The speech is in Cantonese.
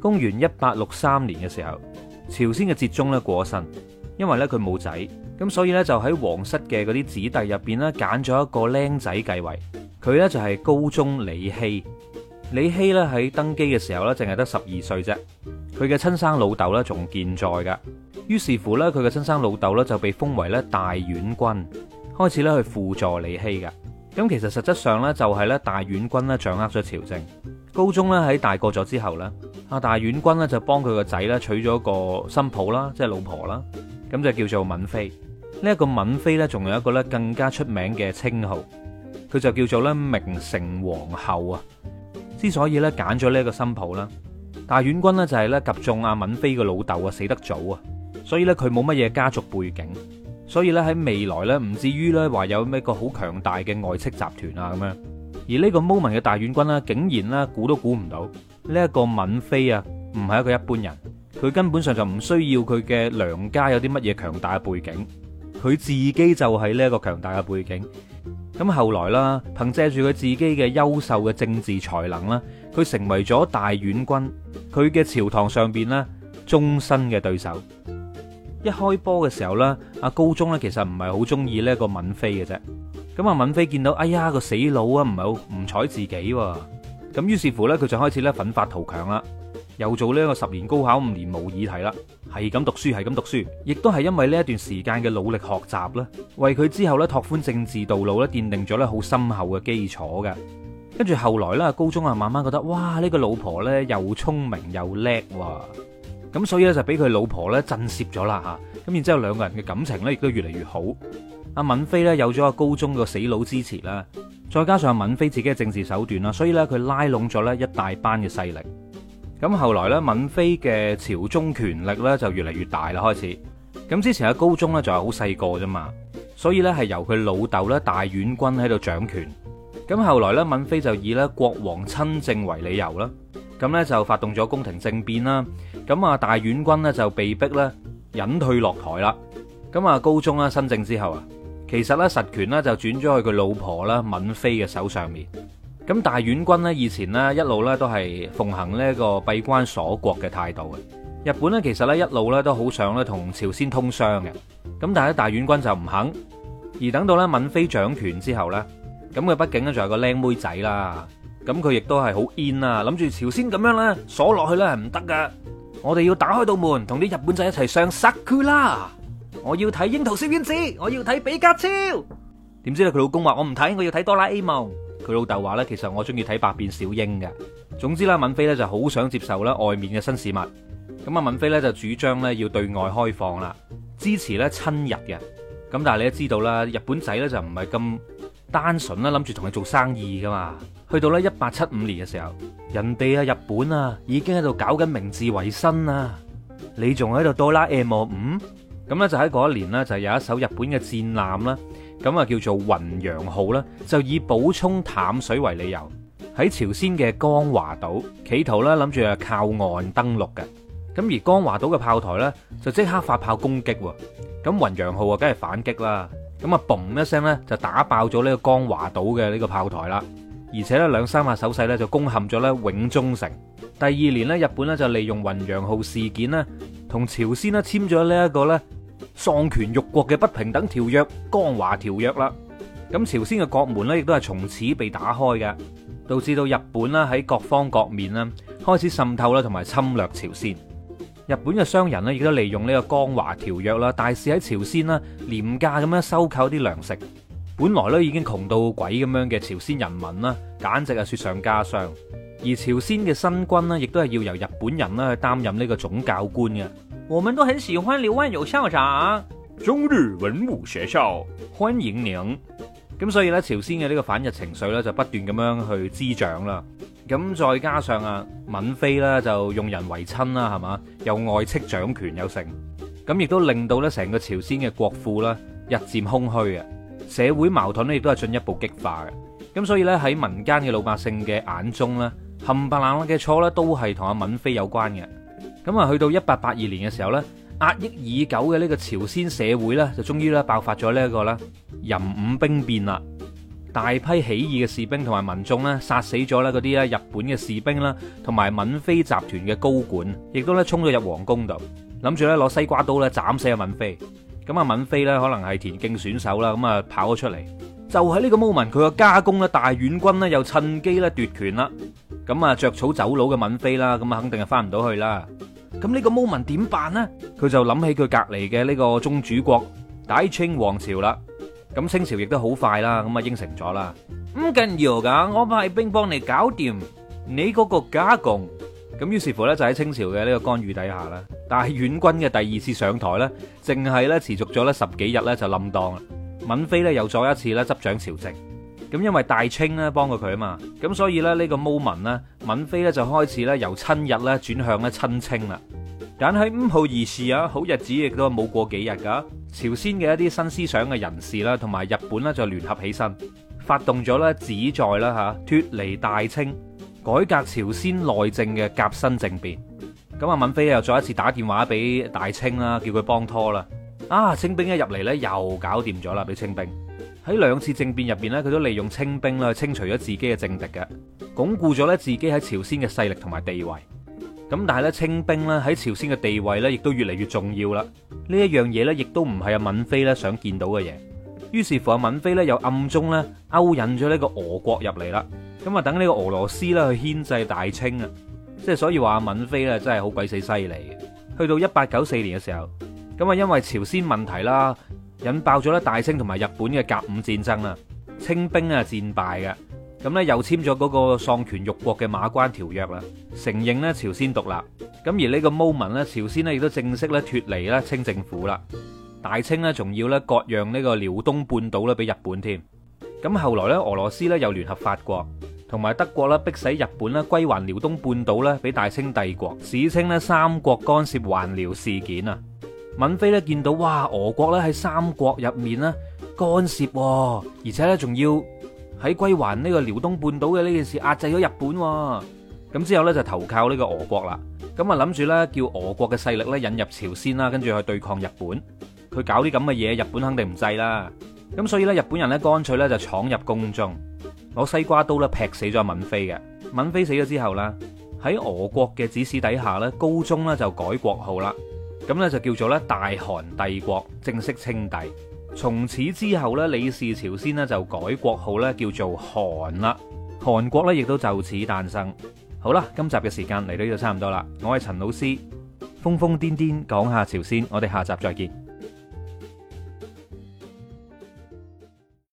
公元一八六三年嘅時候，朝鮮嘅哲宗咧過咗身，因為咧佢冇仔，咁所以呢，就喺皇室嘅嗰啲子弟入邊呢，揀咗一個僆仔繼位，佢呢就係高宗李熙。李熙呢喺登基嘅時候呢，淨係得十二歲啫，佢嘅親生老豆呢，仲健在噶，於是乎呢，佢嘅親生老豆呢，就被封為咧大院君，開始咧去輔助李熙噶，咁其實實質上呢，就係咧大院君呢，掌握咗朝政。高宗呢，喺大個咗之後呢。啊！大院君咧就幫佢個仔咧娶咗個新抱啦，即係老婆啦，咁就叫做閔妃。呢、這、一個閔妃咧，仲有一個咧更加出名嘅稱號，佢就叫做咧明成皇后啊。之所以咧揀咗呢一個新抱啦，大院君咧就係咧及中阿閔妃個老豆啊死得早啊，所以咧佢冇乜嘢家族背景，所以咧喺未來咧唔至於咧話有咩個好強大嘅外戚集團啊咁樣。而呢個 moment 嘅大院君啦，竟然咧估都估唔到呢一，這個閔妃啊，唔係一個一般人，佢根本上就唔需要佢嘅娘家有啲乜嘢強大嘅背景，佢自己就係呢一個強大嘅背景。咁後來啦，憑借住佢自己嘅優秀嘅政治才能啦，佢成為咗大院君，佢嘅朝堂上邊咧終身嘅對手。一開波嘅時候呢，阿高宗咧其實唔係好中意呢一個閔妃嘅啫。咁、哎那個、啊，敏飛見到哎呀，個死佬啊，唔係好唔睬自己喎。咁於是乎呢，佢就開始咧奮發圖強啦，又做呢一個十年高考五年模擬題啦，係咁讀書，係咁讀書，亦都係因為呢一段時間嘅努力學習咧，為佢之後咧拓寬政治道路咧奠定咗咧好深厚嘅基礎嘅。跟住後來咧，高中啊慢慢覺得哇呢、呢個老婆呢，又聰明又叻哇，咁所以咧就俾佢老婆呢，震懾咗啦吓。咁然之後兩個人嘅感情呢，亦都越嚟越好。阿閔妃咧有咗阿高宗個死佬支持啦，再加上阿閔妃自己嘅政治手段啦，所以咧佢拉攏咗咧一大班嘅勢力。咁後來咧，閔妃嘅朝中權力咧就越嚟越大啦，開始。咁之前阿高宗咧就係好細個啫嘛，所以咧係由佢老豆咧大院君喺度掌權。咁後來咧，閔妃就以咧國王親政為理由啦，咁咧就發動咗宮廷政變啦。咁啊，大院君呢就被逼咧隱退落台啦。咁啊，高宗啊新政之後啊。其實咧實權咧就轉咗去佢老婆啦閔妃嘅手上面。咁大院君咧以前咧一路咧都係奉行呢一個閉關鎖國嘅態度嘅。日本咧其實咧一路咧都好想咧同朝鮮通商嘅。咁但係咧大院君就唔肯。而等到咧閔妃掌權之後咧，咁佢畢竟咧仲係個靚妹仔啦。咁佢亦都係好 in 啦，諗住朝鮮咁樣咧鎖落去咧係唔得噶。我哋要打開道門，同啲日本仔一齊上十區啦。我要睇《櫻桃小丸子》，我要睇《比卡超》。點知咧佢老公話，我唔睇，我要睇《哆啦 A 夢》。佢老豆話呢，其實我中意睇《百變小櫻》嘅。總之啦，閔妃咧就好想接受啦外面嘅新事物。咁啊，閔妃咧就主張咧要對外開放啦，支持咧親日嘅。咁但係你都知道啦，日本仔咧就唔係咁單純啦，諗住同你做生意噶嘛。去到咧一八七五年嘅時候，人哋啊日本啊已經喺度搞緊明治維新啦，你仲喺度哆啦 A 夢嗯？咁呢就喺嗰一年呢，就有一艘日本嘅戰艦啦，咁啊叫做雲陽號，呢就以補充淡水為理由，喺朝鮮嘅江華島企圖呢，諗住啊靠岸登陸嘅。咁而江華島嘅炮台呢，就即刻發炮攻擊喎。咁雲陽號啊梗係反擊啦，咁啊嘣一聲呢，就打爆咗呢個江華島嘅呢個炮台啦，而且呢，兩三下手勢呢，就攻陷咗呢永宗城。第二年呢，日本呢，就利用雲陽號事件呢，同朝鮮呢，簽咗呢一個呢，喪權辱國嘅不平等條約《江華條約》啦，咁朝鮮嘅國門呢，亦都係從此被打開嘅，導致到日本啦喺各方各面咧開始滲透啦同埋侵略朝鮮。日本嘅商人呢，亦都利用呢個《江華條約》啦，大肆喺朝鮮呢廉價咁樣收購啲糧食。本來呢已經窮到鬼咁樣嘅朝鮮人民啦，簡直係雪上加霜。而朝鮮嘅新軍呢，亦都係要由日本人呢去擔任呢個總教官嘅。我們都很喜歡劉萬有校長啊。中日文武學校，歡迎您。咁所以呢，朝鮮嘅呢個反日情緒呢，就不斷咁樣去滋長啦。咁再加上啊，閔妃呢，就用人唯親啦，係嘛，又外戚掌權有成。咁亦都令到呢成個朝鮮嘅國庫呢，日漸空虛啊。社會矛盾呢，亦都係進一步激化嘅。咁所以呢，喺民間嘅老百姓嘅眼中呢，冚唪唥嘅錯呢，都係同阿閔妃有關嘅。咁啊，去到一八八二年嘅時候咧，壓抑已久嘅呢個朝鮮社會呢，就終於咧爆發咗呢一個咧壬午兵變啦！大批起義嘅士兵同埋民眾呢，殺死咗呢嗰啲咧日本嘅士兵啦，同埋閔妃集團嘅高管，亦都咧衝咗入皇宮度，諗住咧攞西瓜刀咧斬死阿閔妃。咁啊，閔妃呢，可能係田徑選手啦，咁啊跑咗出嚟，就喺呢個 moment，佢個家公咧大院君呢，又趁機咧奪權啦。咁啊，着草走佬嘅閔妃啦，咁啊肯定係翻唔到去啦。咁呢個毛文點辦呢？佢就諗起佢隔籬嘅呢個宗主國大清皇朝啦。咁清朝亦都好快啦，咁啊應承咗啦。唔緊要噶，我派兵幫你搞掂你嗰個加共。咁於是乎咧，就喺清朝嘅呢個干預底下啦。但係阮軍嘅第二次上台咧，淨係咧持續咗咧十幾日咧就冧檔啦。閔妃咧又再一次咧執掌朝政。咁因為大清咧幫過佢啊嘛，咁所以咧呢個 moment 咧，閔妃咧就開始咧由親日咧轉向咧親清啦。但喺五號二事啊，好日子亦都冇過幾日噶。朝鮮嘅一啲新思想嘅人士啦，同埋日本咧就聯合起身，發動咗咧旨在啦嚇脱離大清，改革朝鮮內政嘅甲申政變。咁啊閔妃又再一次打電話俾大清啦，叫佢幫拖啦。啊，清兵一入嚟咧又搞掂咗啦，俾清兵。喺兩次政變入邊咧，佢都利用清兵咧清除咗自己嘅政敵嘅，鞏固咗咧自己喺朝鮮嘅勢力同埋地位。咁但係咧，清兵咧喺朝鮮嘅地位咧，亦都越嚟越重要啦。呢一樣嘢咧，亦都唔係阿閔妃咧想見到嘅嘢。於是乎，阿閔妃咧又暗中咧勾引咗呢個俄國入嚟啦。咁啊，等呢個俄羅斯咧去牽制大清啊。即係所以話，阿閔妃咧真係好鬼死犀利。去到一八九四年嘅時候，咁啊，因為朝鮮問題啦，引爆咗咧大清同埋日本嘅甲午戰爭啦，清兵啊戰敗嘅，咁咧又簽咗嗰個喪權辱國嘅馬關條約啦，承認咧朝鮮獨立，咁而呢個 moment 咧朝鮮咧亦都正式咧脫離咧清政府啦，大清咧仲要咧割讓呢個遼東半島咧俾日本添，咁後來咧俄羅斯咧又聯合法國同埋德國啦，迫使日本咧歸還遼東半島咧俾大清帝國，史稱咧三國干涉還遼事件啊！閔妃咧見到哇俄國咧喺三國入面咧干涉，而且咧仲要喺歸還呢個遼東半島嘅呢件事壓制咗日本，咁之後咧就投靠呢個俄國啦。咁啊諗住咧叫俄國嘅勢力咧引入朝鮮啦，跟住去對抗日本。佢搞啲咁嘅嘢，日本肯定唔制啦。咁所以咧日本人咧乾脆咧就闖入宮中攞西瓜刀咧劈死咗閔妃嘅。閔妃死咗之後咧，喺俄國嘅指使底下咧，高宗咧就改國號啦。咁呢就叫做咧大韓帝國正式稱帝，從此之後咧李氏朝鮮咧就改國號咧叫做韓啦，韓國咧亦都就此誕生。好啦，今集嘅時間嚟到就差唔多啦，我係陳老師，瘋瘋癲癲癲講下朝鮮，我哋下集再見。